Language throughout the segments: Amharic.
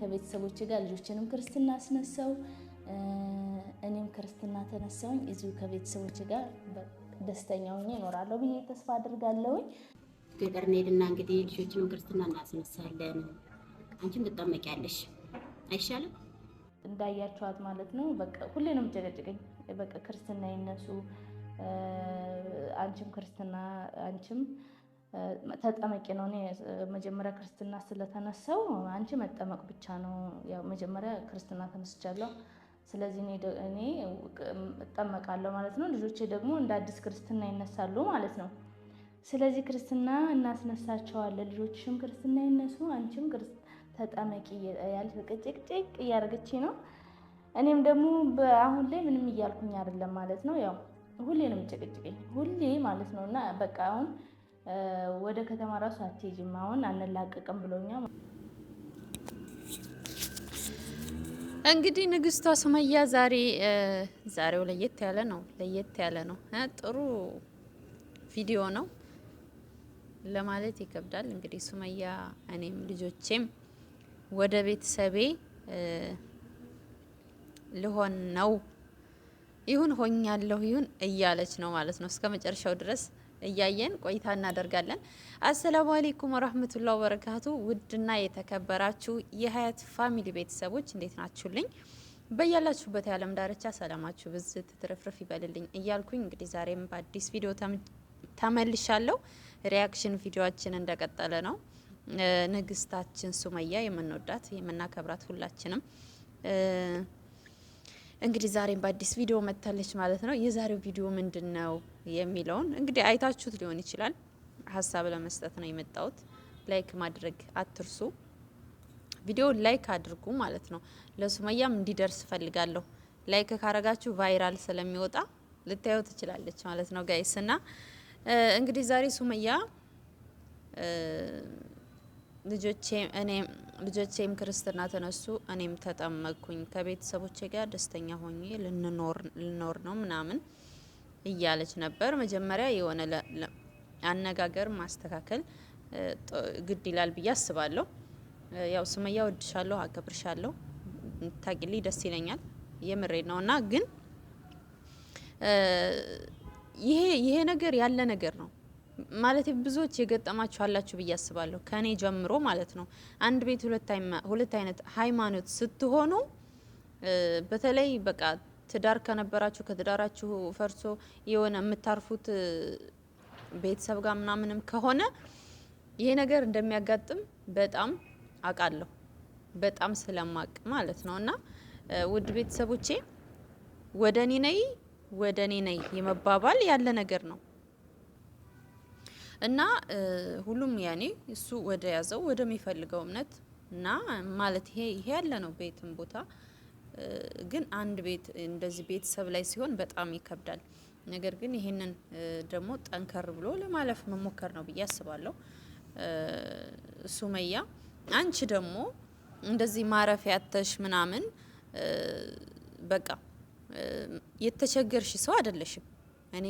ከቤተሰቦች ጋር ልጆችንም ክርስትና አስነሳው፣ እኔም ክርስትና ተነሳውኝ። እዚሁ ከቤተሰቦች ጋር ደስተኛ ሆኜ እኖራለሁ ብዬ ተስፋ አድርጋለሁኝ። ገጠር እንሄድና እንግዲህ ልጆችንም ክርስትና እናስነሳለን። አንቺም ትጠመቂያለሽ አይሻልም? እንዳያቸዋት ማለት ነው። በቃ ሁሌ ነው የምጨቀጭቀኝ። በቃ ክርስትና ይነሱ፣ አንቺም ክርስትና አንቺም ተጠመቂ ነው። እኔ መጀመሪያ ክርስትና ስለተነሳው አንቺ መጠመቅ ብቻ ነው። ያው መጀመሪያ ክርስትና ተነስቻለሁ። ስለዚህ እኔ እጠመቃለሁ ማለት ነው። ልጆቼ ደግሞ እንደ አዲስ ክርስትና ይነሳሉ ማለት ነው። ስለዚህ ክርስትና እናስነሳቸዋለን። ልጆችሽም ክርስትና ይነሱ፣ አንቺም ተጠመቂ ያልሽ ጭቅጭቅ እያደረገች ነው። እኔም ደግሞ አሁን ላይ ምንም እያልኩኝ አይደለም ማለት ነው። ያው ሁሌንም ጭቅጭቅ ሁሌ ማለት ነው እና በቃ አሁን ወደ ከተማ ራሱ አትሄጂም፣ አሁን አንላቀቅም ብሎኛ። እንግዲህ ንግስቷ ሱመያ ዛሬ ዛሬው ለየት ያለ ነው፣ ለየት ያለ ነው። ጥሩ ቪዲዮ ነው ለማለት ይከብዳል። እንግዲህ ሱመያ እኔም ልጆቼም ወደ ቤተሰቤ ልሆን ነው ይሁን ሆኛለሁ ይሁን እያለች ነው ማለት ነው እስከ መጨረሻው ድረስ እያየን ቆይታ እናደርጋለን። አሰላሙ አሌይኩም ወረህመቱላ ወበረካቱ። ውድና የተከበራችሁ የሀያት ፋሚሊ ቤተሰቦች እንዴት ናችሁልኝ? በያላችሁበት የዓለም ዳርቻ ሰላማችሁ ብዝ ትትርፍርፍ ይበልልኝ እያልኩኝ እንግዲህ ዛሬም በአዲስ ቪዲዮ ተመልሻለሁ። ሪያክሽን ቪዲዮችን እንደቀጠለ ነው። ንግስታችን ሱመያ የምንወዳት የምናከብራት ሁላችንም እንግዲህ ዛሬም በአዲስ ቪዲዮ መጥታለች ማለት ነው። የዛሬው ቪዲዮ ምንድን ነው የሚለውን እንግዲህ አይታችሁት ሊሆን ይችላል። ሀሳብ ለመስጠት ነው የመጣሁት። ላይክ ማድረግ አትርሱ። ቪዲዮ ላይክ አድርጉ ማለት ነው። ለሱመያም እንዲደርስ ፈልጋለሁ። ላይክ ካረጋችሁ ቫይራል ስለሚወጣ ልታየው ትችላለች ማለት ነው ጋይስ። እና እንግዲህ ዛሬ ሱመያ ልጆቼ እኔ ልጆቼም ክርስትና ተነሱ፣ እኔም ተጠመቅኩኝ፣ ከቤተሰቦቼ ጋር ደስተኛ ሆኜ ልንኖር ነው ምናምን እያለች ነበር። መጀመሪያ የሆነ አነጋገር ማስተካከል ግድ ይላል ብዬ አስባለሁ። ያው ሱመያ ወድሻለሁ፣ አከብርሻለሁ፣ ታቂልኝ ደስ ይለኛል፣ የምሬ እና ግን ይሄ ይሄ ነገር ያለ ነገር ነው ማለት ብዙዎች የገጠማችሁ አላችሁ ብዬ አስባለሁ። ከኔ ጀምሮ ማለት ነው። አንድ ቤት ሁለት አይነት ሃይማኖት ስትሆኑ በተለይ በቃ ትዳር ከነበራችሁ ከትዳራችሁ ፈርሶ የሆነ የምታርፉት ቤተሰብ ጋር ምናምንም ከሆነ ይሄ ነገር እንደሚያጋጥም በጣም አውቃለሁ። በጣም ስለማቅ ማለት ነው። እና ውድ ቤተሰቦቼ ወደ እኔ ነይ ወደ እኔ ነይ የመባባል ያለ ነገር ነው። እና ሁሉም ያኔ እሱ ወደ ያዘው ወደሚፈልገው እምነት እና ማለት ይሄ ይሄ ያለ ነው ቤትም ቦታ ግን አንድ ቤት እንደዚህ ቤተሰብ ላይ ሲሆን በጣም ይከብዳል። ነገር ግን ይህንን ደግሞ ጠንከር ብሎ ለማለፍ መሞከር ነው ብዬ አስባለሁ። ሱመያ አንቺ ደግሞ እንደዚህ ማረፊያ ያተሽ ምናምን በቃ የተቸገርሽ ሰው አይደለሽም። እኔ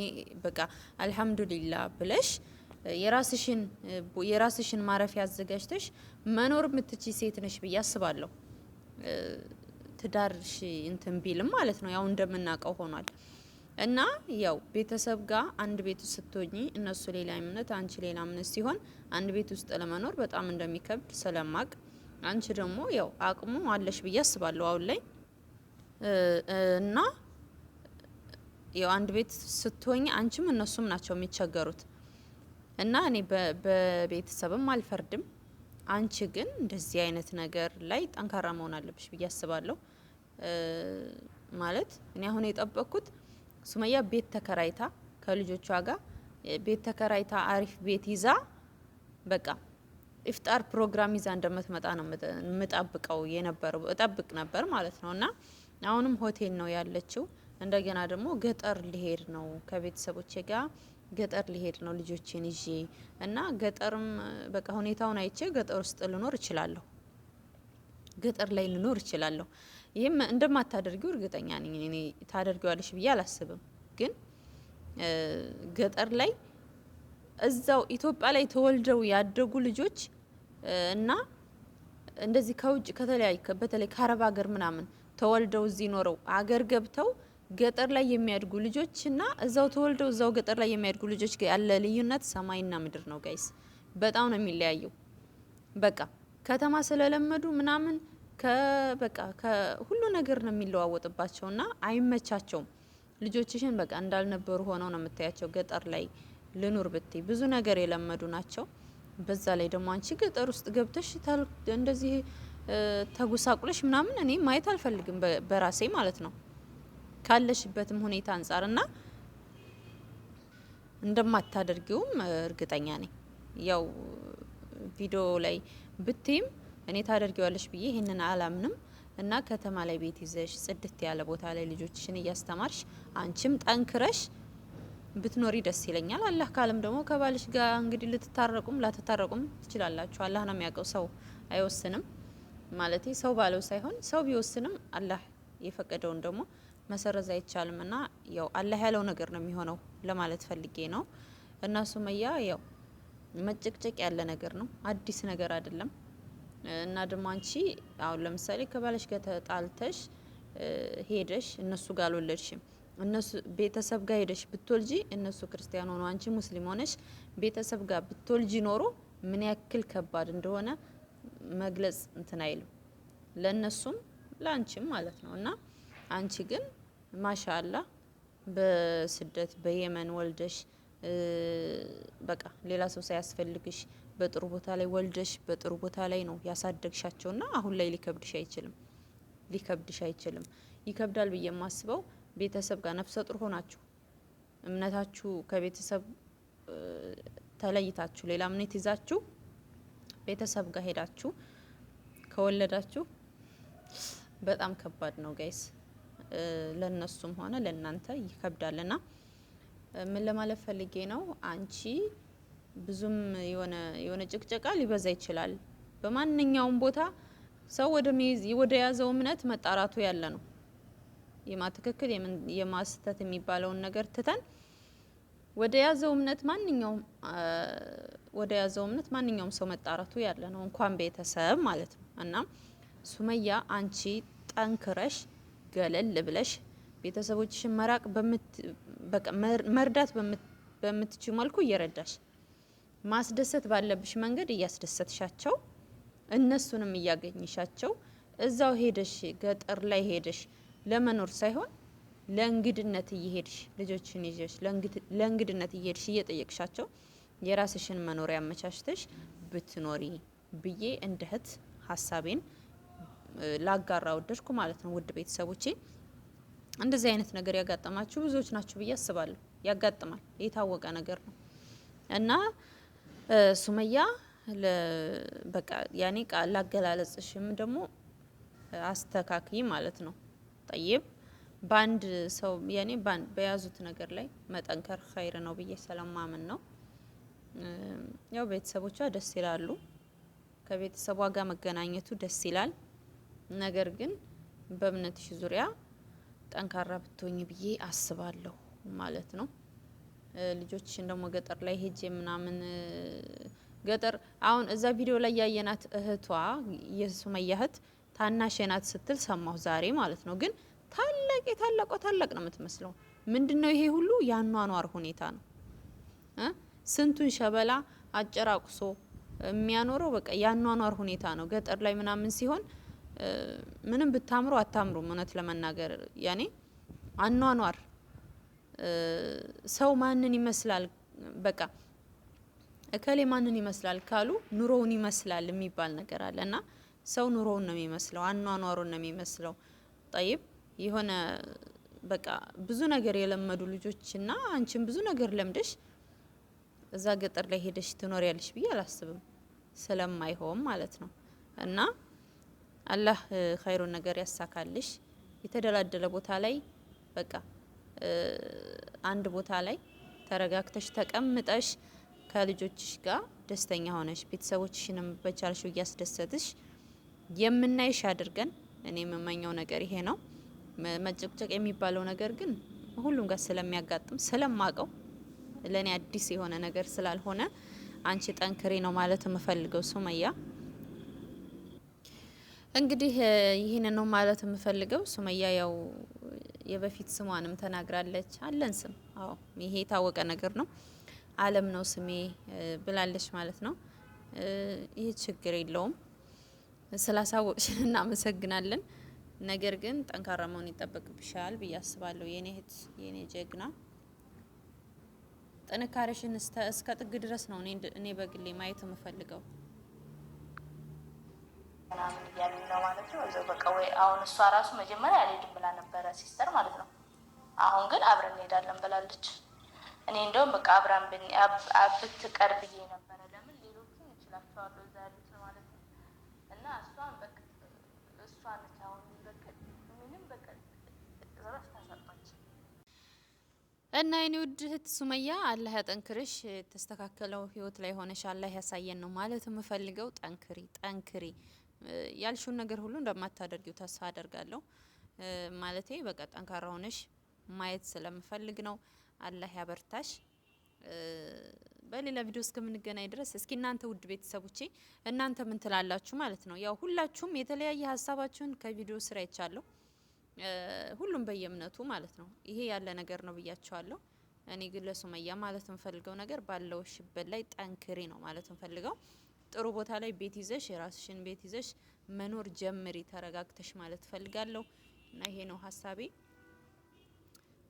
በቃ አልሐምዱሊላ ብለሽ የራስሽን የራስሽን ማረፊያ አዘጋጅተሽ መኖር የምትች ሴት ነሽ ብዬ አስባለሁ። ትዳርሽ እንትን ቢልም ማለት ነው ያው እንደምናውቀው ሆኗል እና ያው ቤተሰብ ጋር አንድ ቤት ውስጥ ስትሆኚ እነሱ ሌላ እምነት፣ አንቺ ሌላ እምነት ሲሆን አንድ ቤት ውስጥ ለመኖር በጣም እንደሚከብድ ስለማቅ አንቺ ደግሞ ያው አቅሙ አለሽ ብዬ አስባለሁ አሁን ላይ እና ያው አንድ ቤት ስትሆኝ አንቺም እነሱም ናቸው የሚቸገሩት። እና እኔ በቤተሰብም አልፈርድም። አንቺ ግን እንደዚህ አይነት ነገር ላይ ጠንካራ መሆን አለብሽ ብዬ አስባለሁ። ማለት እኔ አሁን የጠበቅኩት ሱመያ ቤት ተከራይታ ከልጆቿ ጋር ቤት ተከራይታ አሪፍ ቤት ይዛ በቃ ኢፍጣር ፕሮግራም ይዛ እንደምትመጣ ነው የምጠብቀው የነበረው እጠብቅ ነበር ማለት ነው። እና አሁንም ሆቴል ነው ያለችው። እንደገና ደግሞ ገጠር ሊሄድ ነው ከቤተሰቦቼ ጋር ገጠር ሊሄድ ነው ልጆችን ይዤ እና ገጠርም በቃ ሁኔታውን አይቼ ገጠር ውስጥ ልኖር እችላለሁ፣ ገጠር ላይ ልኖር እችላለሁ። ይህም እንደማታደርጊው እርግጠኛ ነኝ። እኔ ታደርጊዋለሽ ብዬ አላስብም። ግን ገጠር ላይ እዛው ኢትዮጵያ ላይ ተወልደው ያደጉ ልጆች እና እንደዚህ ከውጭ ከተለያዩ በተለይ ከአረብ ሀገር ምናምን ተወልደው እዚህ ኖረው አገር ገብተው ገጠር ላይ የሚያድጉ ልጆች እና እዛው ተወልደው እዛው ገጠር ላይ የሚያድጉ ልጆች ያለ ልዩነት ሰማይና ምድር ነው ጋይስ። በጣም ነው የሚለያየው። በቃ ከተማ ስለለመዱ ምናምን ከበቃ ከሁሉ ነገር ነው የሚለዋወጥባቸውና አይመቻቸውም። ልጆችሽን በቃ እንዳልነበሩ ሆነው ነው የምታያቸው። ገጠር ላይ ልኑር ብቴ ብዙ ነገር የለመዱ ናቸው። በዛ ላይ ደግሞ አንቺ ገጠር ውስጥ ገብተሽ እንደዚህ ተጉሳቁለሽ ምናምን እኔ ማየት አልፈልግም በራሴ ማለት ነው። ካለሽበትም ሁኔታ አንጻር ና እንደማታደርጊውም እርግጠኛ ነኝ። ያው ቪዲዮ ላይ ብትይም እኔ ታደርጊዋለሽ ብዬ ይህንን አላምንም እና ከተማ ላይ ቤት ይዘሽ ጽድት ያለ ቦታ ላይ ልጆችሽን እያስተማርሽ አንቺም ጠንክረሽ ብትኖሪ ደስ ይለኛል። አላህ ካለም ደግሞ ከባልሽ ጋር እንግዲህ ልትታረቁም ላትታረቁም ትችላላችሁ። አላህ ነው የሚያውቀው፣ ሰው አይወስንም። ማለት ሰው ባለው ሳይሆን ሰው ቢወስንም አላህ የፈቀደውን ደግሞ መሰረዝ አይቻልም ና ያው አላህ ያለው ነገር ነው የሚሆነው ለማለት ፈልጌ ነው። እና ሱመያ ያው መጨቅጨቅ ያለ ነገር ነው፣ አዲስ ነገር አይደለም። እና ደግሞ አንቺ አሁን ለምሳሌ ከባለሽ ጋር ተጣልተሽ ሄደሽ እነሱ ጋር አልወለድሽም እነሱ ቤተሰብ ጋር ሄደሽ ብትወልጂ እነሱ ክርስቲያን ሆኖ አንቺ ሙስሊም ሆነሽ ቤተሰብ ጋር ብትወልጂ ኖሮ ምን ያክል ከባድ እንደሆነ መግለጽ እንትን አይልም፣ ለእነሱም ለአንቺም ማለት ነው እና አንቺ ግን ማሻአላ በስደት በየመን ወልደሽ በቃ ሌላ ሰው ሳያስፈልግሽ በጥሩ ቦታ ላይ ወልደሽ በጥሩ ቦታ ላይ ነው ና አሁን ላይ ሊከብድሽ አይችልም። ሊከብድሽ አይችልም። ይከብዳል ብዬ የማስበው ቤተሰብ ጋር ነፍሰ ጡር ሆናችሁ እምነታችሁ ከቤተሰብ ተለይታችሁ ሌላ እምነት ይዛችሁ ቤተሰብ ጋር ሄዳችሁ ከወለዳችሁ በጣም ከባድ ነው ጋይስ። ለነሱም ሆነ ለእናንተ ይከብዳልና ምን ለማለት ፈልጌ ነው፣ አንቺ ብዙም የሆነ የሆነ ጭቅጭቃ ሊበዛ ይችላል። በማንኛውም ቦታ ሰው ወደ ያዘው እምነት መጣራቱ ያለ ነው። የማትክክል የማስተት የሚባለውን ነገር ትተን ወደ ያዘው እምነት ማንኛውም ወደ ያዘው እምነት ማንኛውም ሰው መጣራቱ ያለ ነው፣ እንኳን ቤተሰብ ማለት ነው። እና ሱመያ አንቺ ጠንክረሽ ገለል ብለሽ ቤተሰቦችሽን መራቅ መርዳት በምትችው መልኩ እየረዳሽ ማስደሰት ባለብሽ መንገድ እያስደሰትሻቸው እነሱንም እያገኝሻቸው እዛው ሄደሽ ገጠር ላይ ሄደሽ ለመኖር ሳይሆን ለእንግድነት እየሄድሽ ልጆችን ይዘሽ ለእንግድነት እየሄድሽ እየጠየቅሻቸው የራስሽን መኖሪያ አመቻችተሽ ብትኖሪ ብዬ እንደ እህት ሀሳቤን ላጋራ ወደድኩ ማለት ነው። ውድ ቤተሰቦቼ እንደዚህ አይነት ነገር ያጋጠማችሁ ብዙዎች ናችሁ ብዬ አስባለሁ። ያጋጥማል፣ የታወቀ ነገር ነው እና ሱመያ በቃ ያኔ ቃል አገላለጽሽም ደግሞ አስተካክይ ማለት ነው። ጠይብ በአንድ ሰው ያኔ በያዙት ነገር ላይ መጠንከር ኸይር ነው ብዬ ስለማምን ነው። ያው ቤተሰቦቿ ደስ ይላሉ። ከቤተሰቧ ጋር መገናኘቱ ደስ ይላል። ነገር ግን በእምነትሽ ዙሪያ ጠንካራ ብትሆኝ ብዬ አስባለሁ ማለት ነው። ልጆችሽን ደግሞ ገጠር ላይ ሄጄ ምናምን ገጠር አሁን እዛ ቪዲዮ ላይ ያየናት እህቷ የሱመያ እህት ታናሽ ናት ስትል ሰማሁ ዛሬ ማለት ነው። ግን ታላቅ የታላቋ ታላቅ ነው የምትመስለው። ምንድን ነው ይሄ ሁሉ ያኗኗር ሁኔታ ነው። ስንቱን ሸበላ አጨራቁሶ የሚያኖረው በቃ ያኗኗር ሁኔታ ነው። ገጠር ላይ ምናምን ሲሆን ምንም ብታምሩ አታምሩም። እውነት ለመናገር ያኔ አኗኗር ሰው ማንን ይመስላል በቃ እከሌ ማንን ይመስላል ካሉ ኑሮውን ይመስላል የሚባል ነገር አለ እና ሰው ኑሮውን ነው የሚመስለው፣ አኗኗሩን ነው የሚመስለው። ጠይብ የሆነ በቃ ብዙ ነገር የለመዱ ልጆች እና አንቺም ብዙ ነገር ለምደሽ እዛ ገጠር ላይ ሄደሽ ትኖሪያለሽ ብዬ አላስብም፣ ስለማይሆም ማለት ነው እና አላህ ኸይሩን ነገር ያሳካልሽ። የተደላደለ ቦታ ላይ በቃ አንድ ቦታ ላይ ተረጋግተሽ ተቀምጠሽ ከልጆችሽ ጋር ደስተኛ ሆነሽ ቤተሰቦችሽንም በቻልሽ እያስደሰትሽ የምናይሽ አድርገን። እኔ የምመኘው ነገር ይሄ ነው። መጨቅጨቅ የሚባለው ነገር ግን ሁሉም ጋር ስለሚያጋጥም ስለማቀው ለእኔ አዲስ የሆነ ነገር ስላልሆነ አንቺ ጠንክሪ ነው ማለት የምፈልገው ሱመያ። እንግዲህ ይህንን ነው ማለት የምፈልገው። ሱመያ ያው የበፊት ስሟንም ተናግራለች። አለን ስም፣ አዎ ይሄ የታወቀ ነገር ነው። አለም ነው ስሜ ብላለች ማለት ነው። ይህ ችግር የለውም። ስላሳወቅሽን እናመሰግናለን። ነገር ግን ጠንካራ መሆን ይጠበቅብሻል ብዬ አስባለሁ። የኔ እህት፣ የኔ ጀግና፣ ጥንካሬሽን እስከ ጥግ ድረስ ነው እኔ በግሌ ማየት የምፈልገው። ምናምን እያሉኝ ነው ማለት ነው። እዛው በቃ ወይ አሁን እሷ ራሱ መጀመሪያ አልሄድም ብላ ነበረ ሲስተር ማለት ነው። አሁን ግን አብረን እንሄዳለን ብላለች። እኔ እንደውም በቃ አብራን ብትቀር ብዬ ነበረ። ለምን ሌሎቹን ይችላቸዋለሁ እዛ ያሉት ማለት ነው። እና እሷን በቃ እሷ ነች አሁን በቃ ምንም በቃ ረፍት አሳጣች። እና የኔ ውድ እህት ሱመያ አላህ ያጠንክርሽ፣ የተስተካከለው ህይወት ላይ ሆነሽ አላህ ያሳየን ነው ማለት የምፈልገው። ጠንክሪ ጠንክሪ ያልሽውን ነገር ሁሉ እንደማታደርጊው ተስፋ አደርጋለሁ። ማለቴ በቃ ጠንካራ ሆነሽ ማየት ስለምፈልግ ነው። አላህ ያበርታሽ። በሌላ ቪዲዮ እስከምንገናኝ ድረስ እስኪ እናንተ ውድ ቤተሰቦቼ እናንተ ምን ትላላችሁ ማለት ነው። ያው ሁላችሁም የተለያየ ሀሳባችሁን ከቪዲዮ ስራ ይቻለሁ። ሁሉም በየእምነቱ ማለት ነው። ይሄ ያለ ነገር ነው ብያቸዋለሁ። እኔ ግን ለሱመያ ማለት ምፈልገው ነገር ባለውሽበት ላይ ጠንክሬ ነው ማለት ምፈልገው። ጥሩ ቦታ ላይ ቤት ይዘሽ የራስሽን ቤት ይዘሽ መኖር ጀምሪ፣ ተረጋግተሽ ማለት ፈልጋለሁ። እና ይሄ ነው ሀሳቤ።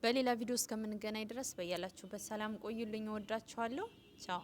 በሌላ ቪዲዮ እስከምንገናኝ ድረስ በያላችሁበት ሰላም ቆዩልኝ። እወዳችኋለሁ። ቻው